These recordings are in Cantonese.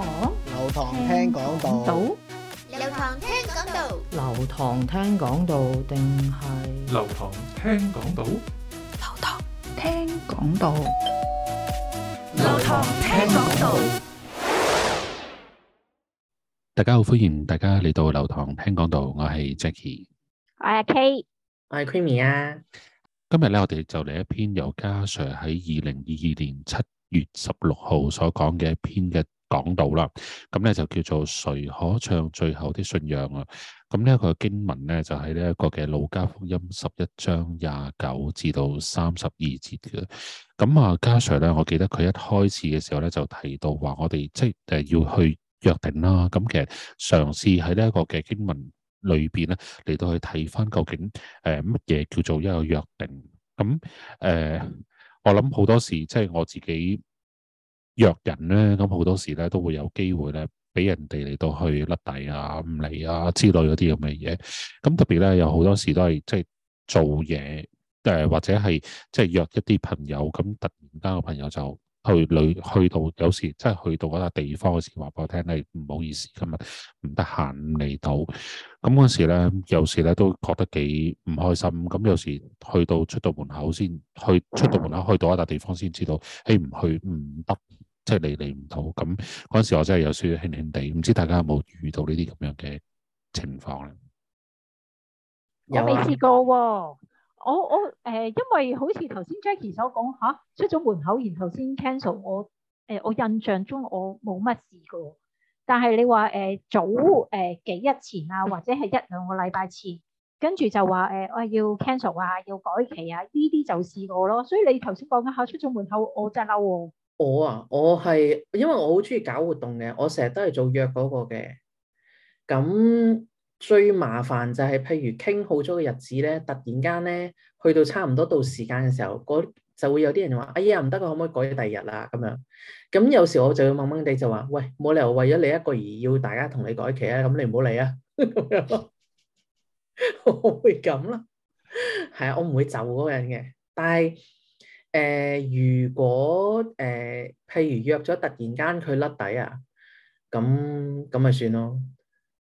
流堂聽講道，流堂聽講道，流堂聽講道定係流堂聽講道，流堂聽講道，流堂聽講道。大家好，歡迎大家嚟到流堂聽講道，我係 Jackie，我係 K，我係 Creamy 啊。今日咧，我哋就嚟一篇由迦 Sir 喺二零二二年七月十六號所講嘅一篇嘅。講到啦，咁咧就叫做誰可唱最後啲信仰啊？咁呢一個經文咧就係呢一個嘅《路加福音》十一章廿九至到三十二節嘅。咁啊，迦 Sir 咧，我記得佢一開始嘅時候咧就提到話，我哋即係誒、呃、要去約定啦。咁其實嘗試喺呢一個嘅經文裏邊咧，嚟到去睇返究竟誒乜嘢叫做一個約定？咁誒、呃，我諗好多時即係我自己。約人咧，咁好多時咧都會有機會咧，俾人哋嚟到去甩底啊、唔嚟啊之類嗰啲咁嘅嘢。咁特別咧，有好多時都係即係做嘢，誒、呃、或者係即係約一啲朋友，咁突然間個朋友就去旅去到，有時即係去到嗰笪地方嘅時，話俾我聽你唔好意思，今日唔得閒嚟到。咁嗰時咧，有時咧都覺得幾唔開心。咁有時去到出到門口先去出到門口，去到一笪地方先知道，誒唔去唔得。即係嚟嚟唔到，咁嗰陣時我真係有少少輕輕地，唔知大家有冇遇到呢啲咁樣嘅情況咧？有未試過喎、哦，我我誒、呃，因為好似頭先 Jackie 所講吓、啊，出咗門口，然後先 cancel 我誒、呃，我印象中我冇乜試過，但係你話誒、呃、早誒、呃、幾日前啊，或者係一兩個禮拜前，跟住就話誒我要 cancel 啊，要改期啊，呢啲就試過咯。所以你頭先講緊吓出咗門口，我真係嬲喎。我啊，我係因為我好中意搞活動嘅，我成日都係做約嗰個嘅。咁最麻煩就係、是，譬如傾好咗嘅日子咧，突然間咧去到差唔多到時間嘅時候，嗰就會有啲人話，哎呀，唔得㗎，可唔可以改第二日啊？咁樣。咁有時我就會掹掹地就話，喂，冇理由為咗你一個而要大家同你改期啊！咁你唔好嚟啊！咁樣咯，我會咁啦、啊。係 啊，我唔會就嗰個人嘅，但係。誒、呃，如果誒、呃，譬如約咗，突然間佢甩底啊，咁咁咪算咯、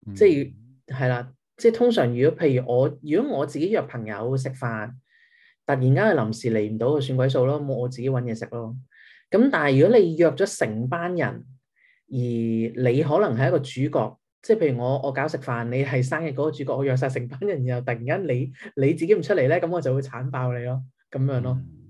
嗯。即係係啦，即係通常如果譬如我，如果我自己約朋友食飯，突然間佢臨時嚟唔到，就算鬼數咯，咁我自己搵嘢食咯。咁但係如果你約咗成班人，而你可能係一個主角，即係譬如我我搞食飯，你係生日嗰個主角，我約晒成班人，然後突然間你你自己唔出嚟咧，咁我就會慘爆你咯，咁樣咯。嗯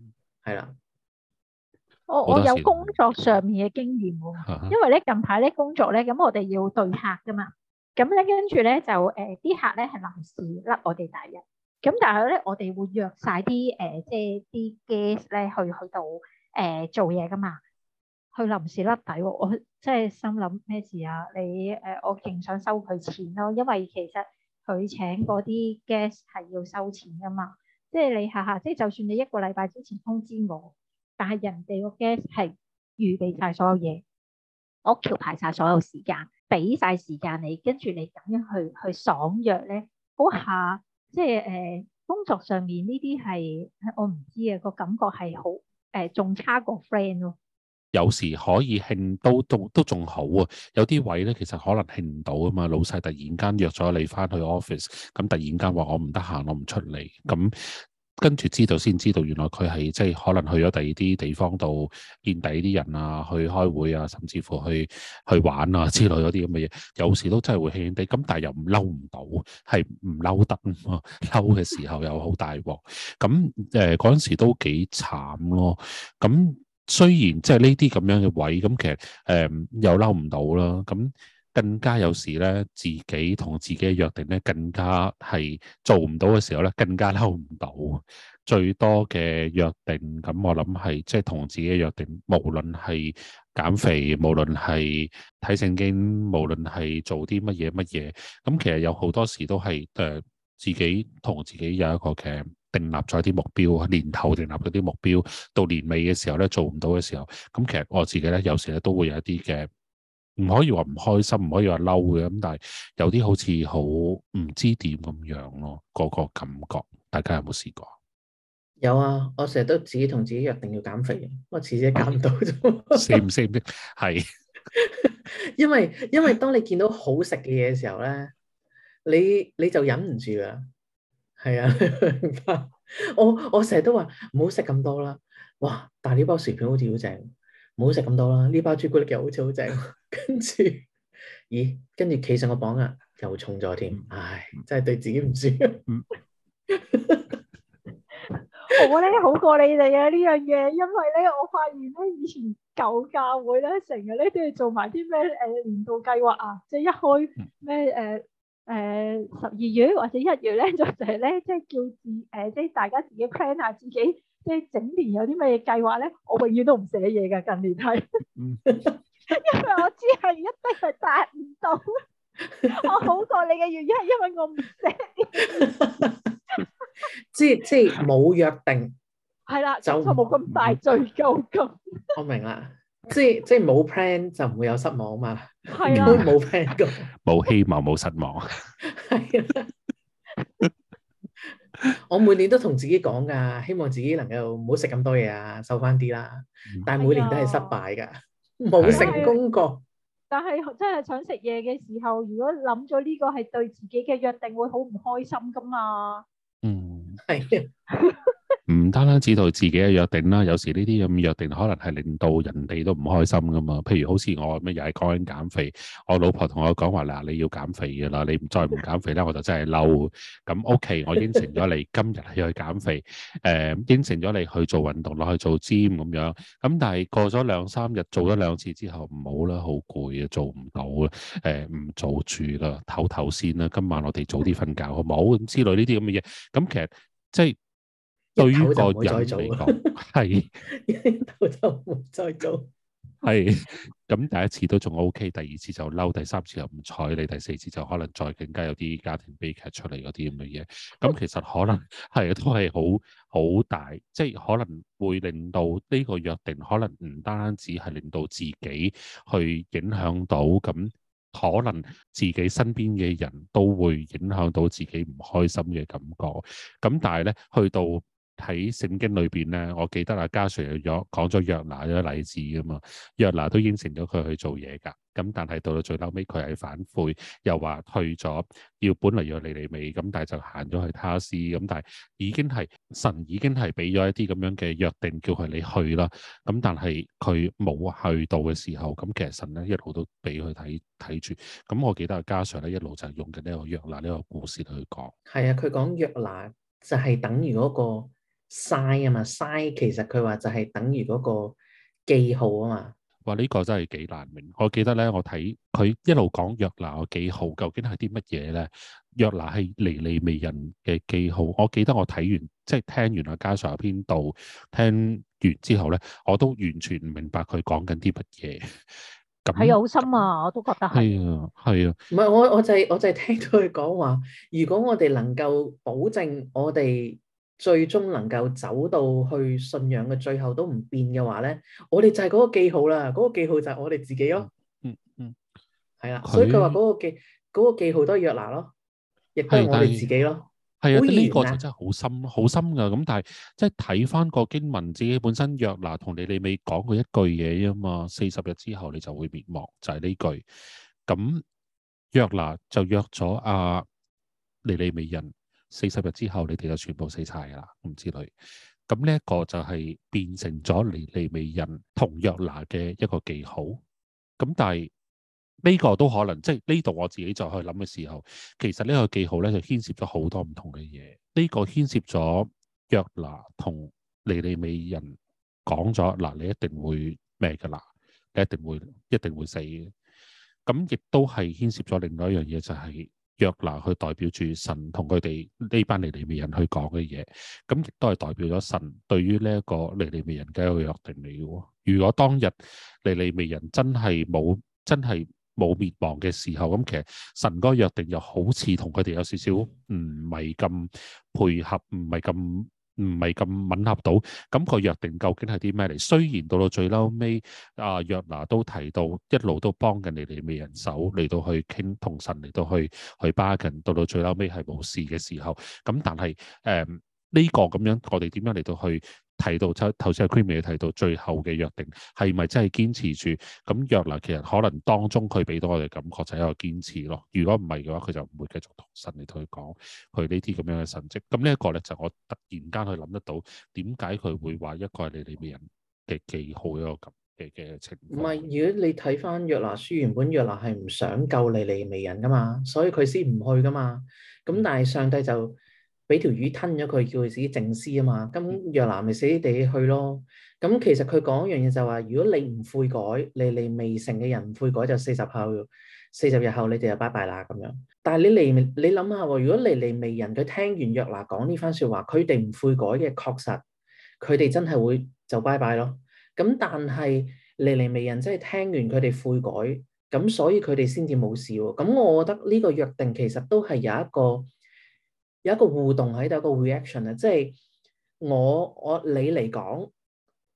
係啦，yeah, 我我有工作上面嘅經驗喎、哦，uh huh. 因為咧近排咧工作咧，咁、嗯、我哋要對客噶嘛，咁、嗯、咧跟住咧就誒啲、呃、客咧係臨時甩我哋第一，咁但係咧我哋會約晒啲誒即係啲 guest 咧去去到誒、呃、做嘢噶嘛，去臨時甩底、哦，我即係心諗咩事啊？你誒、呃、我勁想收佢錢咯、哦，因為其實佢請嗰啲 guest 係要收錢噶嘛。即係你下下，即係就算你一個禮拜之前通知我，但係人哋個 guest 係預備晒所有嘢，我橋排晒所有時間，俾晒時間你，跟住你咁樣去去爽約咧，嗰下，即係誒、呃、工作上面呢啲係我唔知啊，個感覺係好誒仲、呃、差過 friend 咯、哦。有時可以慶都仲都仲好啊，有啲位呢，其實可能慶唔到啊嘛，老細突然間約咗你翻去 office，咁突然間話我唔得閒，我唔出嚟，咁跟住知道先知道原來佢係即係可能去咗第二啲地方度見第二啲人啊，去開會啊，甚至乎去去玩啊之類嗰啲咁嘅嘢，有時都真係會慶慶啲，咁但係又嬲唔到，係唔嬲得，嬲嘅時候又好大鑊，咁誒嗰陣時都幾慘咯，咁。雖然即係呢啲咁樣嘅位，咁其實誒、呃、又嬲唔到啦。咁更加有時咧，自己同自己嘅約定咧，更加係做唔到嘅時候咧，更加嬲唔到。最多嘅約定，咁我諗係即係同自己嘅約定，無論係減肥，無論係睇聖經，無論係做啲乜嘢乜嘢，咁其實有好多時都係誒自己同自己有一個 g 定立咗啲目標，年頭定立咗啲目標，到年尾嘅時候咧做唔到嘅時候，咁其實我自己咧有時咧都會有一啲嘅唔可以話唔開心，唔可以話嬲嘅咁，但係有啲好似好唔知點咁樣咯，嗰個感覺，大家有冇試過？有啊，我成日都自己同自己約定要減肥，我次次減唔到啫，識唔識唔識係？係唔係唔係 因為，因為當你見到好食嘅嘢嘅時候咧，你你就忍唔住啊。係啊， 我我成日都話唔好食咁多啦。哇！但係呢包薯片好似好正，唔好食咁多啦。呢包朱古力嘅好似好正。 跟住，咦？跟住企上個磅啊，又重咗添。唉，真係對自己唔住。 我咧好過你哋啊呢樣嘢，因為咧我發現咧以前舊教會咧成日咧都要做埋啲咩誒年度計劃啊，即係一開咩誒。誒，十二、uh, 月或者一月咧，就是、呢就係咧，即係叫自誒，即、呃、係、就是、大家自己 plan 下，自己即係、就是、整年有啲咩計劃咧。我永遠都唔寫嘢噶，近年係， 因為我 知係一定係達唔到。我好過你嘅原因係因為我唔寫，即係即係冇約定。係啦，就冇咁大追究咁。 我明啦。即係即係冇 plan 就唔會有失望嘛，係啊，冇 plan 個，冇希望冇失望。係啊，我每年都同自己講噶，希望自己能夠唔好食咁多嘢啊，瘦翻啲啦。但係每年都係失敗噶，冇成功過。但係真係想食嘢嘅時候，如果諗咗呢個係對自己嘅約定，會好唔開心噶嘛。嗯，係。唔單單只到自己嘅約定啦，有時呢啲咁嘅約定可能係令到人哋都唔開心噶嘛。譬如好似我咩又係講緊減肥，我老婆同我講話嗱，你要減肥㗎喇，你再唔減肥喇，我就真係嬲。咁 OK，我應承咗你今日係去減肥，誒、呃，應承咗你去做運動，落去做 gym 咁樣。咁但係過咗兩三日，做咗兩次之後唔好啦，好攰啊，做唔到啦，誒、呃，唔做住啦，唞唞先啦。今晚我哋早啲瞓覺好冇之類呢啲咁嘅嘢。咁其實即係。對於個人嚟講，係一到就唔再做。係 咁 對，第一次都仲 OK，第二次就嬲，第三次又唔睬你，第四次就可能再更加有啲家庭悲劇出嚟嗰啲咁嘅嘢。咁對其實可能係都係好好大，即係可能會令到呢個約定可能唔單止係令到自己去影響到，咁可能自己身邊嘅人都會影響到自己唔開心嘅感覺。咁但係咧，去到喺聖經裏邊咧，我記得阿迦 sir 有講咗約拿嘅例子㗎嘛，約拿都應承咗佢去做嘢㗎，咁但係到到最後尾，佢係反悔，又話去咗，要本嚟約你嚟未，咁但係就行咗去他施，咁但係已經係神已經係俾咗一啲咁樣嘅約定，叫佢你去啦，咁但係佢冇去到嘅時候，咁其實神咧一路都俾佢睇睇住，咁我記得阿迦 sir 咧一路就用緊呢個約拿呢個故事去講。係啊，佢講約拿就係等於嗰個。嘥啊嘛，嘥其實佢話就係等於嗰個記號啊嘛。哇！呢、這個真係幾難明。我記得咧，我睇佢一路講約拿嘅記號，究竟係啲乜嘢咧？約拿係尼尼微人嘅記號。我記得我睇完，即係聽完阿迦 sir 嗰篇道聽完之後咧，我都完全唔明白佢講緊啲乜嘢。咁係好深啊！我都覺得係。係啊，係啊。唔係我我就係、是、我就係聽到佢講話，如果我哋能夠保證我哋。最終能夠走到去信仰嘅最後都唔變嘅話咧，我哋就係嗰個記號啦，嗰、那個記號就係我哋自己咯。嗯嗯，係、嗯、啦，嗯、的所以佢話嗰個記嗰他個記號都係約拿咯，亦都係我哋自己咯。係是啊，呢個就真係好深，好深噶。咁但係即係睇翻個經文自己本身約拿同尼尼微講過一句嘢啊嘛，四十日之後你就會滅亡，就係、是、呢句。咁約拿就約咗阿尼尼微人。四十日之後，你哋就全部死晒噶啦，咁之類。咁呢一個就係變成咗尼尼微人同約拿嘅一個記號。咁但係呢個都可能，即係呢度我自己再去諗嘅時候，其實個呢個記號呢就牽涉咗好多唔同嘅嘢。呢、這個牽涉咗約拿同尼尼微人講咗嗱，你一定會咩噶啦？你一定會一定會死。咁亦都係牽涉咗另外一樣嘢，就係、是。約拿去代表住神同佢哋呢班尼尼微人去講嘅嘢，咁亦都係代表咗神對於呢一個尼尼微人嘅一個約定嚟嘅。如果當日尼尼微人真係冇真係冇滅亡嘅時候，咁其實神嗰個約定又好似同佢哋有少少唔係咁配合，唔係咁。唔係咁吻合到，咁個約定究竟係啲咩嚟？雖然到到最嬲尾，阿約拿都提到一路都幫緊你哋嘅人手嚟到去傾同神嚟到去去 bargain，到到最嬲尾係冇事嘅時候，咁但係誒呢個咁樣，我哋點樣嚟到去？提到即頭先阿 Creamy 提到最後嘅約定係咪真係堅持住？咁約拿其實可能當中佢俾到我哋感覺就係一個堅持咯。如果唔係嘅話，佢就唔會繼續同神你同佢講佢呢啲咁樣嘅神蹟。咁呢一個咧就是、我突然間去諗得到點解佢會話一個尼尼微人嘅記號，一個咁嘅嘅情況？唔係如果你睇翻約拿書，原本約拿係唔想救尼尼微人噶嘛，所以佢先唔去噶嘛。咁但係上帝就～俾條魚吞咗佢，叫佢自己靜思啊嘛。咁、嗯、約拿咪死死地去咯。咁、嗯、其實佢講一樣嘢就話、是：如果你唔悔改，尼尼微城嘅人唔悔改就，就四十後四十日後你哋就拜拜啦咁樣。但係你嚟，你諗下喎，如果尼尼微人佢聽完約拿講呢番説話，佢哋唔悔改嘅，確實佢哋真係會就拜拜咯。咁但係尼尼微人真係聽完佢哋悔改，咁所以佢哋先至冇事喎。咁我覺得呢個約定其實都係有一個。有一個互動喺度，有一個 reaction 啊，即係我我你嚟講，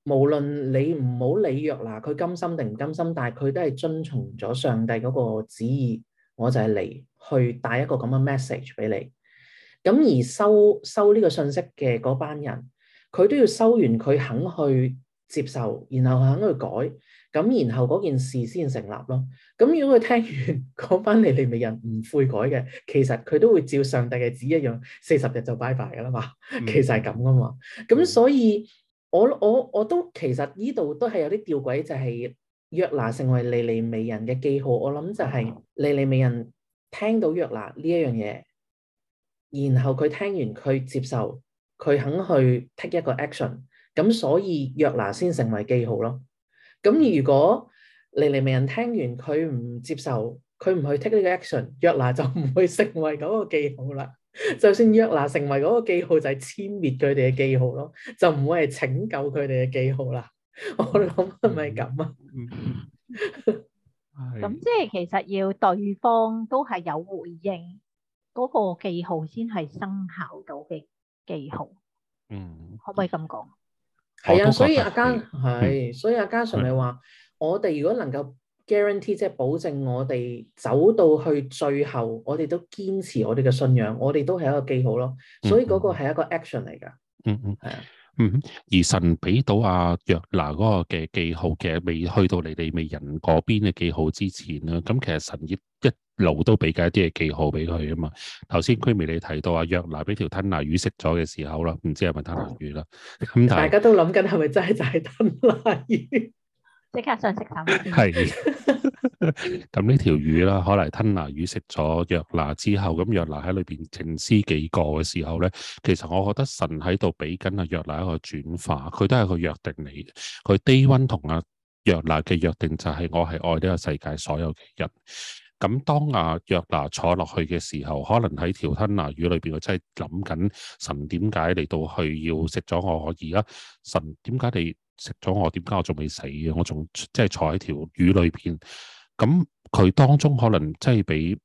無論你唔好理約拿，佢甘心定唔甘心，但係佢都係遵從咗上帝嗰個旨意，我就係嚟去帶一個咁嘅 message 俾你，咁而收收呢個信息嘅嗰班人，佢都要收完，佢肯去接受，然後肯去改，咁然後嗰件事先成立咯。咁如果佢聽完講翻嚟，尼尼微人唔悔改嘅，其實佢都會照上帝嘅旨意一樣，四十日就拜拜 e b 噶啦嘛，嗯其嘛。其實係咁噶嘛。咁所以我我我都其實呢度都係有啲吊詭，就係、是、約拿成為尼尼微人嘅記號。我諗就係、是、尼尼微人聽到約拿呢一樣嘢，然後佢聽完佢接受，佢肯去 take 一個 action。咁所以約拿先成為記號咯。咁如果尼尼微人聽完佢唔接受，佢唔去 take 呢個 action，約拿就唔會成為嗰個記號啦。就算約拿成為嗰個記號，就係殲滅佢哋嘅記號咯，就唔會係拯救佢哋嘅記號啦。我諗係咪咁啊？咁即係其實要對方都係有回應嗰個記號先係生效到嘅記號。嗯，可唔可以咁講？係啊，所以阿加係，所以阿、啊、加常咪話，嗯、我哋如果能夠 guarantee，即係保證我哋走到去最後，我哋都堅持我哋嘅信仰，我哋都係一個記號咯。嗯、所以嗰個係一個 action 嚟噶、嗯。嗯嗯，係啊。嗯，而神俾到阿約拿嗰個嘅記號嘅，未去到你哋未人嗰邊嘅記號之前啦，咁其實神一一路都俾緊一啲嘅記號俾佢啊嘛。頭先區美你提到阿約拿俾條吞拿魚食咗嘅時候啦，唔知係咪吞拿魚啦？咁、哦、但大家都諗緊係咪真係就係吞拿魚？ 即刻想食啖。咁 呢 條魚啦，可能吞拿魚食咗約拿之後，咁約拿喺裏邊靜思幾個嘅時候咧，其實我覺得神喺度俾緊阿約拿一個轉化，佢都係個約定嚟嘅。佢 day one 同阿約拿嘅約定就係我係愛呢個世界所有嘅人。咁當阿、啊、約拿坐落去嘅時候，可能喺條吞拿魚裏邊，佢真係諗緊神點解嚟到去要食咗我而家、啊，神點解嚟？食咗我，點解我仲未死嘅？我仲即係坐喺條魚裏邊。咁、嗯、佢當中可能即係俾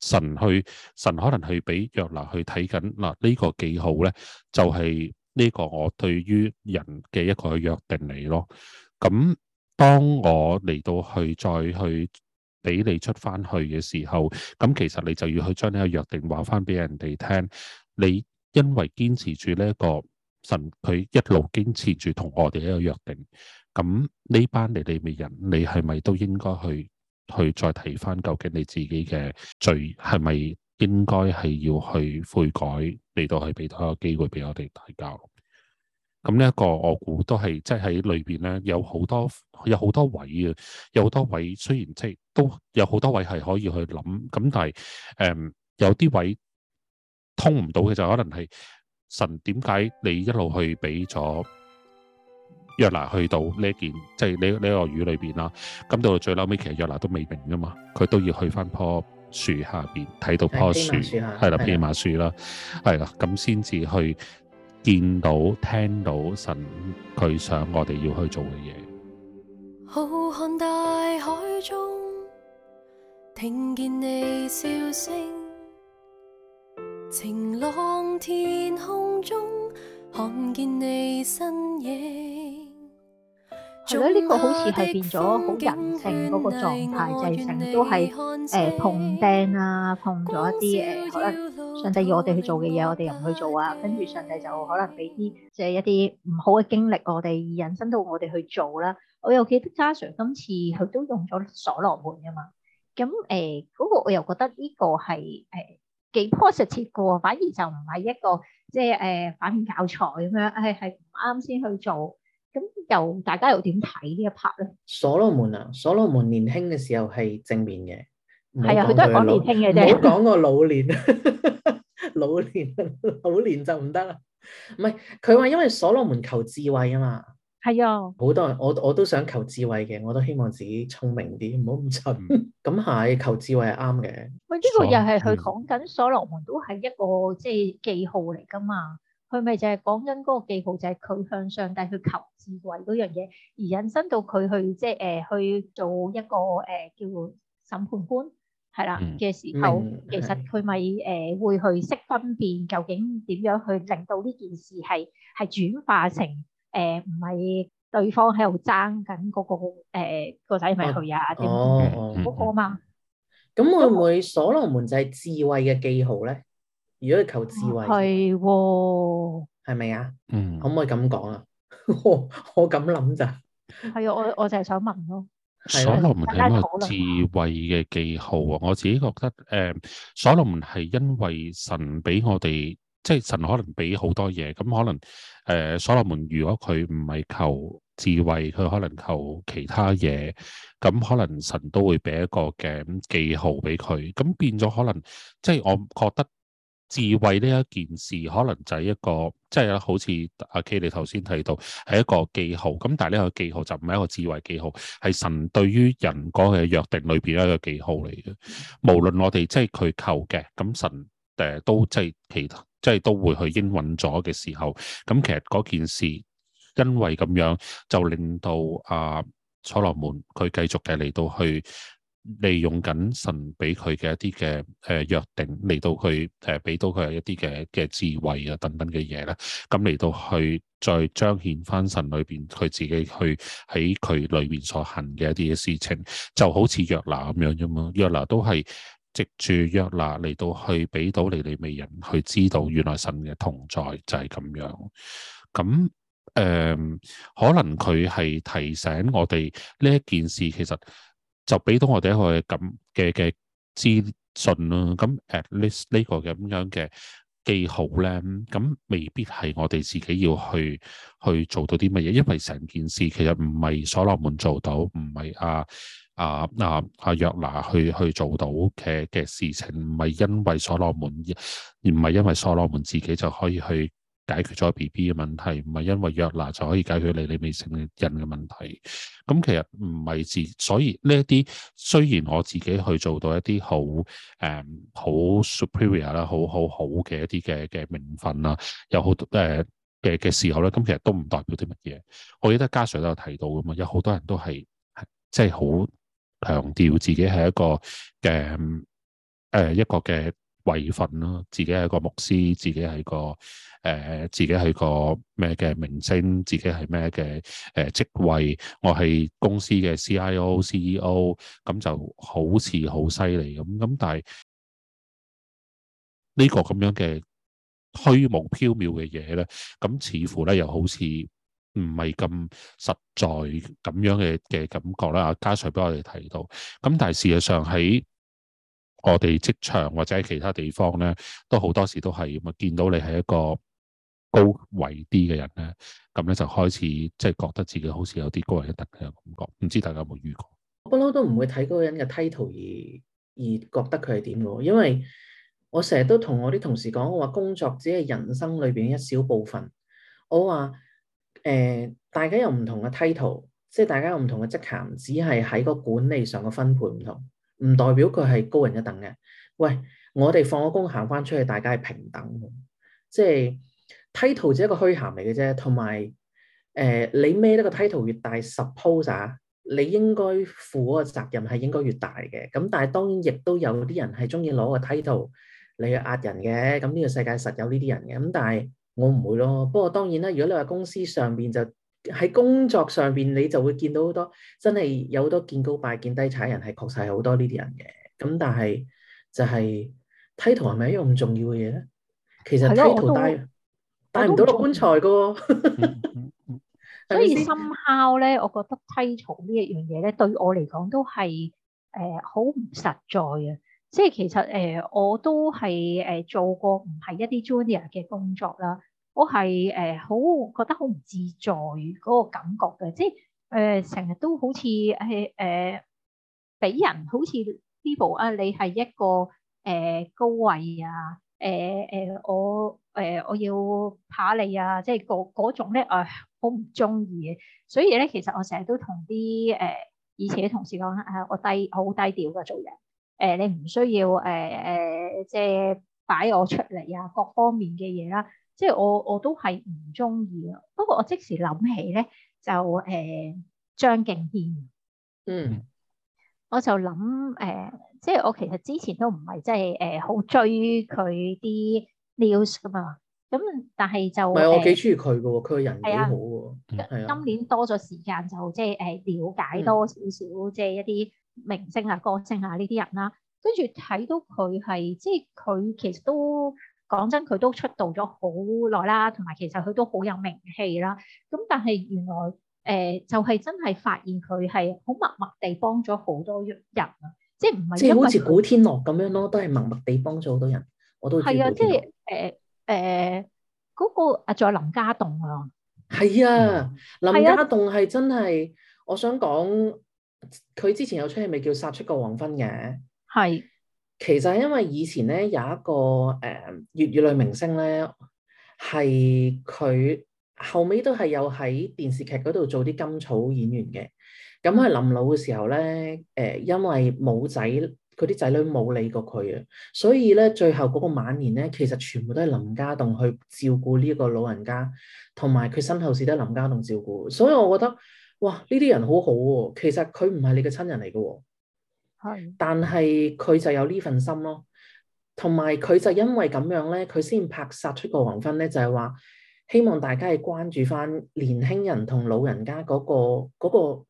神去，神可能去俾約拿去睇緊嗱呢個記號咧？就係、是、呢個我對於人嘅一個約定嚟咯。咁、嗯、當我嚟到去再去俾你出翻去嘅時候，咁、嗯、其實你就要去將呢個約定話翻俾人哋聽。你因為堅持住呢一個。神佢一路堅持住同我哋一個約定，咁呢班你哋嘅人，你係咪都應該去去再睇翻，究竟你自己嘅罪係咪應該係要去悔改，嚟到去俾多一個機會俾我哋大家。咁呢一個我估都係即係喺裏邊咧，有好多有好多位啊，有好多位雖然即係都有好多位係可以去諗，咁但係誒、嗯、有啲位通唔到嘅就可能係。神點解你一路去俾咗約拿去到呢件，即係呢呢個魚裏邊啦？咁到最嬲尾，其實約拿都未明噶嘛，佢都要去翻棵樹下邊睇到棵樹，係啦，蓖麻樹啦，係啦，咁先至去見到、聽到神佢想我哋要去做嘅嘢。浩瀚大海中，聽見你笑聲。晴朗天空中，看見你身影。除咗呢個好似係變咗好人性嗰個狀態， 就係成都係誒、呃、碰釘啊，碰咗一啲誒，可、呃、能上帝要我哋去做嘅嘢，我哋又唔去做啊，跟住上帝就可能俾啲即係一啲唔、就是、好嘅經歷我哋，引申到我哋去做啦、啊。我又記得迦 sir 今次佢都用咗所羅門啊嘛，咁誒嗰個我又覺得呢個係誒。呃幾 positive 嘅喎，反而就唔係一個即係誒反面教材咁樣，係係唔啱先去做，咁又大家又點睇呢一 part 咧？所羅門啊，所羅門年輕嘅時候係正面嘅，係啊，佢都係講年輕嘅啫，唔好講個老年，老年老年就唔得啦。唔係佢話因為所羅門求智慧啊嘛。係啊，好 多人我我都想求智慧嘅，我都希望自己聰明啲，唔好咁蠢。咁 係求智慧係啱嘅。喂、嗯、呢、嗯、個又係佢講緊所羅門都係一個即係記號嚟噶嘛？佢咪就係講緊嗰個記號，就係佢向上帝去求智慧嗰樣嘢，而引申到佢去即係誒、呃、去做一個誒、呃、叫審判官係啦嘅時候，嗯嗯、其實佢咪誒會去識分辨究竟點樣去令到呢件事係係轉化成。誒，唔係、哎、對方喺度爭緊嗰、那個誒個仔咪去啊？啲嗰個嘛，咁、哦哦嗯嗯嗯、會唔會所羅門就係智慧嘅記號咧？如果求智慧係，係咪啊？嗯，嗯可唔可以咁講啊、哦？我咁諗咋，係啊、哦，我我就係想問咯，所羅門係一個智慧嘅記號啊！我自己覺得誒，所、嗯、羅門係因為神俾我哋，即係神可能俾好多嘢，咁可能。誒，所、呃、羅門如果佢唔係求智慧，佢可能求其他嘢，咁可能神都會俾一個嘅記號俾佢，咁變咗可能即係、就是、我覺得智慧呢一件事，可能就係一個即係、就是、好似阿 K 你頭先提到係一個記號，咁但係呢個記號就唔係一個智慧記號，係神對於人嗰嘅約定裏邊一個記號嚟嘅。無論我哋即係佢求嘅，咁神誒、呃、都即係其他。即係都會去應允咗嘅時候，咁其實嗰件事，因為咁樣就令到啊，所羅門佢繼續嘅嚟到去利用緊神俾佢嘅一啲嘅誒約定，嚟到去誒俾到佢一啲嘅嘅智慧啊等等嘅嘢咧，咁嚟到去再彰顯翻神裏邊佢自己去喺佢裏邊所行嘅一啲嘅事情，就好似約拿咁樣啫嘛，約拿都係。藉住約拿嚟到去俾到尼尼微人去知道，原來神嘅同在就係咁樣。咁誒、呃，可能佢係提醒我哋呢一件事，其實就俾到我哋一個咁嘅嘅資訊咯。咁 at least 呢個咁樣嘅記號咧，咁未必係我哋自己要去去做到啲乜嘢，因為成件事其實唔係所羅門做到，唔係啊。啊啊啊！約拿去去做到嘅嘅事情，唔係因為所羅門，而唔係因為所羅門自己就可以去解決咗 B B 嘅問題，唔係因為約拿就可以解決你你未成人嘅問題。咁其實唔係自，所以呢一啲雖然我自己去做到一啲、嗯、好誒好 superior 啦，好好好嘅一啲嘅嘅名分啦，有好多誒嘅嘅時候咧，咁其實都唔代表啲乜嘢。我記得迦 sir 都有提到噶嘛，有好多人都係即係好。就是強調自己係一個嘅，誒、呃，一個嘅位份咯。自己係個牧師，自己係個誒、呃，自己係個咩嘅明星，自己係咩嘅誒職位。我係公司嘅 CIO、CEO，咁就好似好犀利咁。咁但係呢個咁樣嘅虛無縹緲嘅嘢咧，咁似乎咧又好似。唔係咁實在咁樣嘅嘅感覺啦，迦 sir 俾我哋睇到，咁但係事實上喺我哋職場或者喺其他地方咧，都好多時都係咁啊，見到你係一個高位啲嘅人咧，咁咧就開始即係覺得自己好似有啲高人一等嘅感覺，唔知大家有冇遇過？我不嬲都唔會睇嗰個人嘅 title 而而覺得佢係點嘅，因為我成日都同我啲同事講，我話工作只係人生裏邊一小部分，我話。誒、呃，大家有唔同嘅 title，即係大家有唔同嘅職銜，只係喺個管理上嘅分配唔同，唔代表佢係高人一等嘅。喂，我哋放咗工行翻出去，大家係平等嘅，即係 title 只係一個虛銜嚟嘅啫。同埋誒，你孭得個 title 越大，suppose 你應該負嗰個責任係應該越大嘅。咁但係當然亦都有啲人係中意攞個 title 嚟去壓人嘅。咁呢個世界實有呢啲人嘅。咁但係。我唔會咯，不過當然啦。如果你話公司上邊就喺工作上邊，你就會見到好多真係有好多見高拜見低踩人，人，係確實係好多呢啲人嘅。咁但係就係 title 係咪一樣咁重要嘅嘢咧？其實 title 帶帶唔到落棺材噶喎。 所以深刻咧，我覺得 title 呢一樣嘢咧，對我嚟講都係誒好唔實在嘅。即係其實誒、呃、我都係誒做過唔係一啲 junior 嘅工作啦。我係誒、呃、好覺得好唔自在嗰、那個感覺嘅，即係誒成日都好似係誒俾人好似呢部啊，你係一個誒、呃、高位啊，誒、呃、誒、呃、我誒、呃、我要爬你啊，即係嗰種咧啊，好唔中意。所以咧，其實我成日都同啲誒以前嘅同事講啊、呃，我低好低調嘅做人，誒、呃、你唔需要誒誒、呃呃、即係。擺我出嚟啊！各方面嘅嘢啦，即係我我都係唔中意啊。不過我即時諗起咧，就誒、呃、張敬軒，嗯，我就諗誒、呃，即係我其實之前都唔係即係誒好追佢啲 news 㗎嘛。咁但係就唔係，我幾中意佢嘅，佢個人幾好，今年多咗時間，就即係誒、呃、了解多少少，即係一啲明星啊、歌星啊呢啲人啦。嗯跟住睇到佢係，即係佢其實都講真，佢都出道咗好耐啦，同埋其實佢都好有名氣啦。咁但係原來誒、呃，就係、是、真係發現佢係好默默地幫咗好多人啊！即係唔係即係好似古天樂咁樣咯，都係默默地幫咗好多人。我都係啊，即係誒誒，嗰、呃呃那個阿仲有林家棟啊，係、嗯、啊，林家棟係真係，啊、我想講佢之前有出戲，咪叫殺出個黃昏嘅。係，是其實因為以前咧有一個誒、呃、粵語類明星咧，係佢後尾都係有喺電視劇嗰度做啲甘草演員嘅。咁喺臨老嘅時候咧，誒、呃、因為冇仔，佢啲仔女冇理過佢啊，所以咧最後嗰個晚年咧，其實全部都係林家棟去照顧呢個老人家，同埋佢身後事都係林家棟照顧。所以我覺得，哇，呢啲人好好、啊、喎，其實佢唔係你嘅親人嚟嘅、啊。係，但係佢就有呢份心咯，同埋佢就因為咁樣咧，佢先拍殺出個黃昏咧，就係、是、話希望大家係關注翻年輕人同老人家嗰、那個、那個，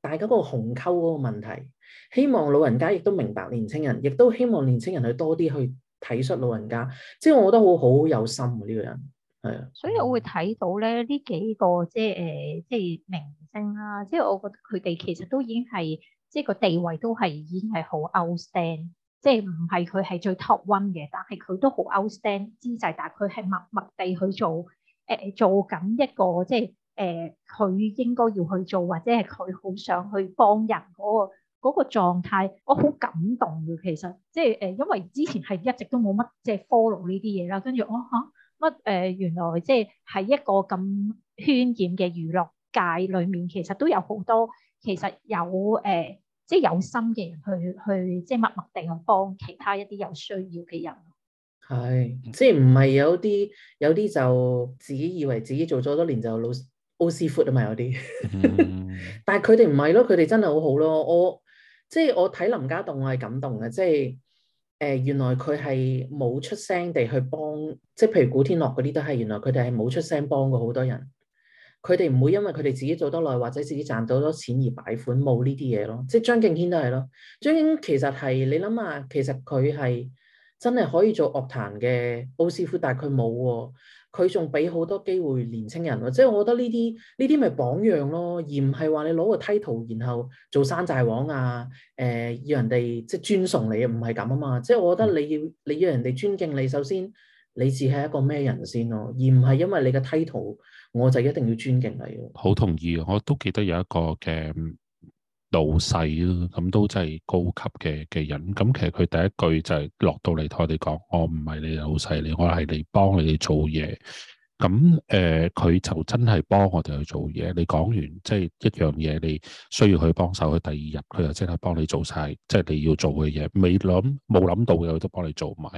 大家嗰個鴻溝嗰個問題。希望老人家亦都明白年輕人，亦都希望年輕人去多啲去體恤老人家。即係我覺得好好有心啊，呢、這個人係啊。所以我會睇到咧呢幾個即係誒即係明星啦，即係、啊、我覺得佢哋其實都已經係。即係個地位都係已經係好 outstanding，即係唔係佢係最 top one 嘅，但係佢都好 outstanding。之際，但係佢係默默地去做，誒、呃、做緊一個即係誒，佢、呃、應該要去做，或者係佢好想去幫人嗰、那個嗰、那個狀態，我好感動嘅。其實即係誒、呃，因為之前係一直都冇乜即係 follow 呢啲嘢啦，跟住我嚇乜誒，原來即係喺一個咁渲染嘅娛樂界裡面，其實都有好多其實有誒。呃即係有心嘅人去去，即係默默地去幫其他一啲有需要嘅人。係，即係唔係有啲有啲就自己以為自己做咗多年就老師傅啊嘛？有啲， 但係佢哋唔係咯，佢哋真係好好咯。我即係我睇林家棟，我係感動嘅。即係誒、呃，原來佢係冇出聲地去幫，即係譬如古天樂嗰啲都係，原來佢哋係冇出聲幫過好多人。佢哋唔會因為佢哋自己做得耐或者自己賺到咗錢而擺款，冇呢啲嘢咯，即係張敬軒都係咯。張敬軒其實係你諗下，其實佢係真係可以做樂壇嘅奧斯夫，但係佢冇喎。佢仲俾好多機會年青人、哦、即係我覺得呢啲呢啲咪榜樣咯，而唔係話你攞個梯圖然後做山寨王啊，誒、呃、要人哋即係尊崇你唔係咁啊嘛。即係我覺得你要你要人哋尊敬你，首先你自己係一個咩人先咯，而唔係因為你嘅梯圖。我就一定要尊敬你。好同意，我都記得有一個嘅老細咯，咁都真係高級嘅嘅人。咁其實佢第一句就係落到嚟同我哋講：我唔係你老細，你我係你幫你哋做嘢。咁誒，佢、呃、就真係幫我哋去做嘢。你講完即係、就是、一樣嘢，你需要佢幫手，佢第二日佢又即刻幫你做晒，即、就、係、是、你要做嘅嘢。未諗冇諗到嘅，佢都幫你做埋。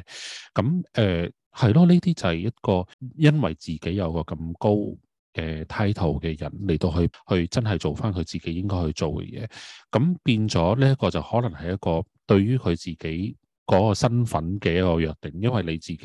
咁誒，係、呃、咯？呢啲就係一個因為自己有個咁高，誒 title 嘅人嚟到去去真係做翻佢自己應該去做嘅嘢，咁變咗呢一個就可能係一個對於佢自己嗰個身份嘅一個約定，因為你自己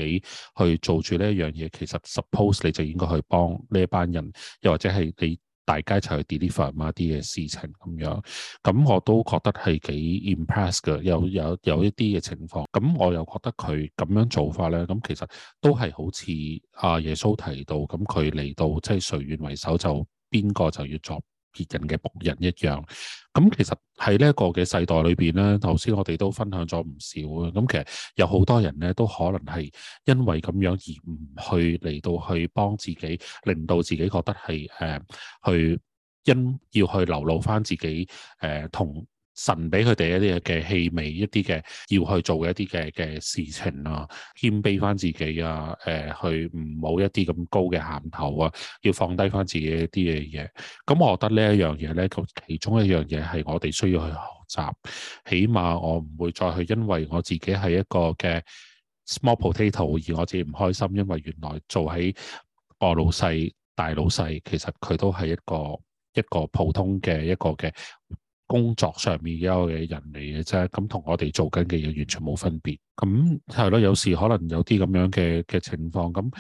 去做住呢一樣嘢，其實 suppose 你就應該去幫呢一班人，又或者係你。大家一齊去 delete 翻某啲嘅事情咁樣，咁我都覺得係幾 impress 嘅，有有有一啲嘅情況，咁我又覺得佢咁樣做法咧，咁其實都係好似阿耶穌提到，咁佢嚟到即係「誰願為首」，就邊個就要作別人嘅僕人一樣，咁其實喺呢一個嘅世代裏邊咧，頭先我哋都分享咗唔少啊。咁其實有好多人咧，都可能係因為咁樣而唔去嚟到去幫自己，令到自己覺得係誒、呃、去因要去流露返自己誒、呃、同。神俾佢哋一啲嘅氣味，一啲嘅要去做一啲嘅嘅事情啊，謙卑翻自己啊，誒、呃，去唔好一啲咁高嘅銜頭啊，要放低翻自己一啲嘅嘢。咁、嗯、我覺得一呢一樣嘢呢，其中一樣嘢係我哋需要去學習。起碼我唔會再去因為我自己係一個嘅 small potato 而我自己唔開心，因為原來做喺我老細、大老細，其實佢都係一個一個普通嘅一個嘅。工作上面嘅人嚟嘅啫，咁同我哋做緊嘅嘢完全冇分別。咁係咯，有時可能有啲咁樣嘅嘅情況。咁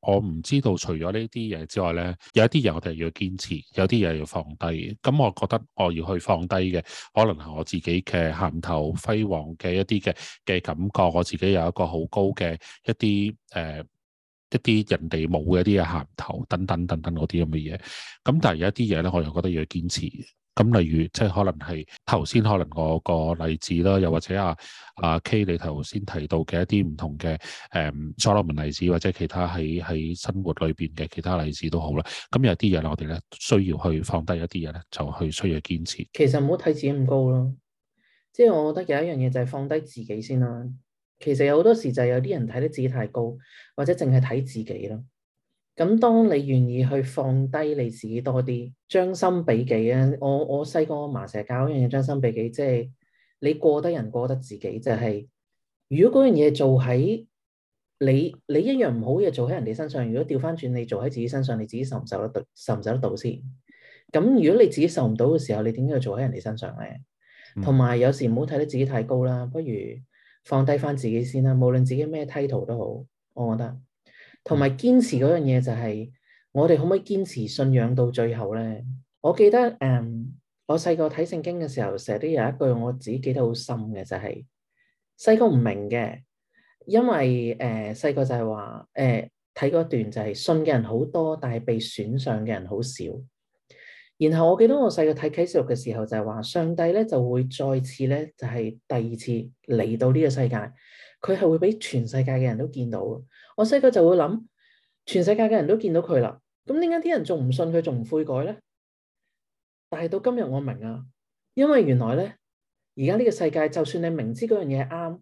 我唔知道除咗呢啲嘢之外呢，有一啲嘢我哋要堅持，有啲嘢要放低。咁我覺得我要去放低嘅，可能係我自己嘅銜頭輝煌嘅一啲嘅嘅感覺。我自己有一個好高嘅一啲誒、呃、一啲人哋冇嘅一啲嘅銜頭等等等等嗰啲咁嘅嘢。咁但係有一啲嘢呢，我又覺得要堅持。咁例如，即係可能係頭先可能嗰個例子啦，又或者阿阿 K 你頭先提到嘅一啲唔同嘅誒所羅門例子，或者其他喺喺生活裏邊嘅其他例子都好啦。咁有啲嘢我哋咧需要去放低一啲嘢咧，就去需要堅持。其實唔好睇自己咁高咯，即係我覺得有一樣嘢就係放低自己先啦。其實有好多時就係有啲人睇得自己太高，或者淨係睇自己咯。咁當你願意去放低你自己多啲，將心比己啊！我我細個我媽成日教嗰樣嘢，將心比己，即係、就是、你過得人過得自己。就係、是、如果嗰樣嘢做喺你你一樣唔好嘢做喺人哋身上，如果調翻轉你做喺自己身上，你自己受唔受得到？受唔受得到先？咁如果你自己受唔到嘅時候，你點解要做喺人哋身上咧？同埋有，有時唔好睇得自己太高啦，不如放低翻自己先啦。無論自己咩 title 都好，我覺得。同埋堅持嗰樣嘢就係，我哋可唔可以堅持信仰到最後咧？我記得誒、嗯，我細個睇聖經嘅時候，成日都有一句我自己記得好深嘅，就係細個唔明嘅，因為誒細個就係話誒睇嗰段就係信嘅人好多，但係被選上嘅人好少。然後我記得我細個睇啟示錄嘅時候就係話，上帝咧就會再次咧就係第二次嚟到呢個世界。佢係會俾全世界嘅人都見到嘅。我細個就會諗，全世界嘅人都見到佢啦，咁點解啲人仲唔信佢，仲唔悔改咧？但係到今日我明啊，因為原來咧，而家呢個世界，就算你明知嗰樣嘢係啱，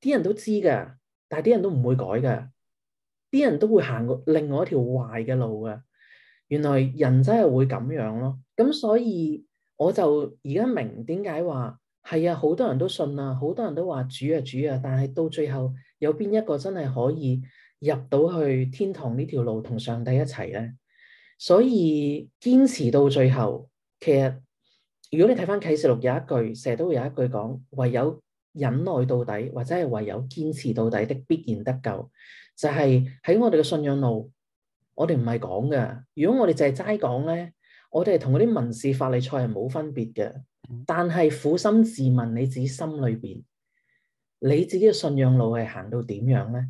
啲人都知噶，但係啲人都唔會改噶，啲人都會行另外一條壞嘅路噶。原來人真係會咁樣咯。咁所以我就而家明點解話。係啊，好多人都信啊，好多人都話主啊主啊，但係到最後有邊一個真係可以入到去天堂呢條路同上帝一齊咧？所以堅持到最後，其實如果你睇翻啟示錄有一句，成日都會有一句講，唯有忍耐到底或者係唯有堅持到底的必然得救，就係、是、喺我哋嘅信仰路，我哋唔係講噶。如果我哋淨係齋講咧，我哋同嗰啲文士法利賽係冇分別嘅。但係，苦心自問，你自己心裏邊，你自己嘅信仰路係行到點樣呢？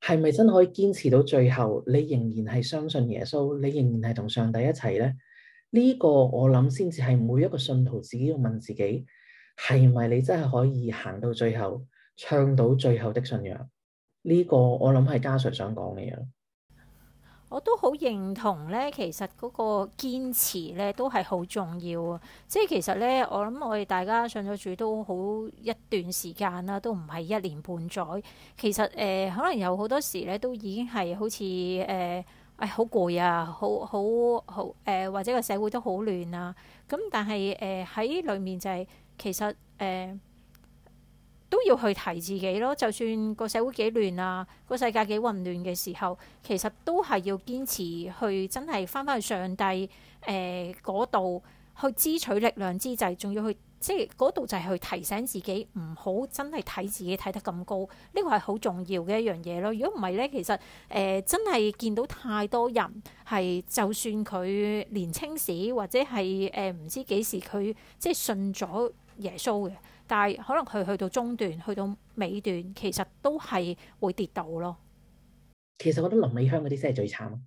係咪真可以堅持到最後？你仍然係相信耶穌，你仍然係同上帝一齊呢？呢個我諗先至係每一個信徒自己要問自己，係咪你真係可以行到最後，唱到最後的信仰？呢個我諗係迦 sir 想講嘅嘢。我都好認同咧，其實嗰個堅持咧都係好重要啊！即係其實咧，我諗我哋大家上咗住都好一段時間啦，都唔係一年半載。其實誒、呃，可能有好多時咧都已經係好似誒誒好攰啊，好好好誒、呃，或者個社會都好亂啊。咁但係誒喺裡面就係、是、其實誒。呃都要去提自己咯，就算個社會幾亂啊，個世界幾混亂嘅時候，其實都係要堅持去真係翻返去上帝誒嗰度去支取力量之際，仲要去即係嗰度就係去提醒自己唔好真係睇自己睇得咁高，呢個係好重要嘅一樣嘢咯。如果唔係咧，其實誒、呃、真係見到太多人係就算佢年青時或者係誒唔知幾時佢即係信咗耶穌嘅。但係可能佢去到中段，去到尾段，其實都係會跌倒咯。其實我覺得林美香嗰啲真係最慘咯。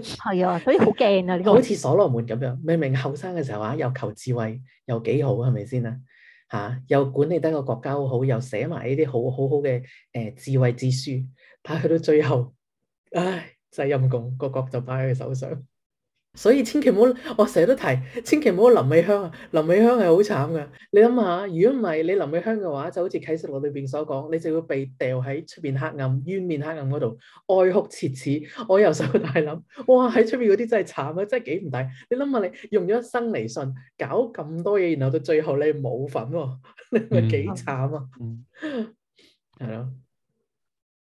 係啊，所以好驚啊！呢個好似所羅門咁樣，明明後生嘅時候啊，又求智慧又幾好，係咪先啊？吓，又管理得個國家好好，又寫埋呢啲好好好嘅誒智慧之書，但係去到最後，唉，就係陰功，個國就擺喺佢手上。所以千祈唔好，我成日都提，千祈唔好臨尾香啊！臨尾香係好慘噶，你諗下，如果唔係你臨尾香嘅話，就好似啟示錄裏邊所講，你就要被掉喺出邊黑暗冤面黑暗嗰度，哀哭切齒。我由細到大諗，哇！喺出邊嗰啲真係慘啊，真係幾唔抵。你諗下，你用咗一生嚟信，搞咁多嘢，然後到最後你冇份，你咪幾慘啊！係咯，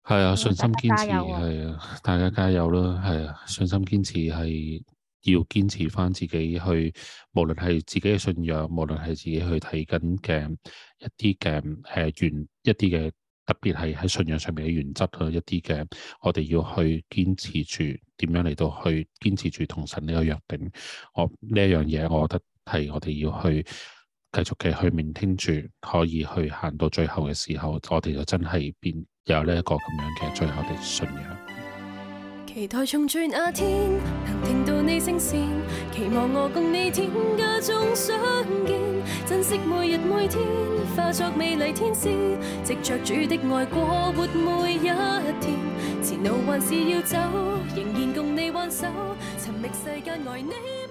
係啊，信心堅持係啊，大家加油啦，係啊，信心堅持係。要堅持翻自己去，無論係自己嘅信仰，無論係自己去睇緊嘅一啲嘅誒原一啲嘅，特別係喺信仰上面嘅原則一啲嘅，我哋要去堅持住，點樣嚟到去堅持住同神呢個約定？我呢一樣嘢，我覺得係我哋要去繼續嘅去聆聽住，可以去行到最後嘅時候，我哋就真係變有呢一個咁樣嘅最後嘅信仰。期待重聚那、啊、天，能聽到你聲線，期望我共你天家中相見，珍惜每日每天，化作美麗天使，藉着主的愛過活每一天。前路還是要走，仍然共你挽手，尋覓世界愛你。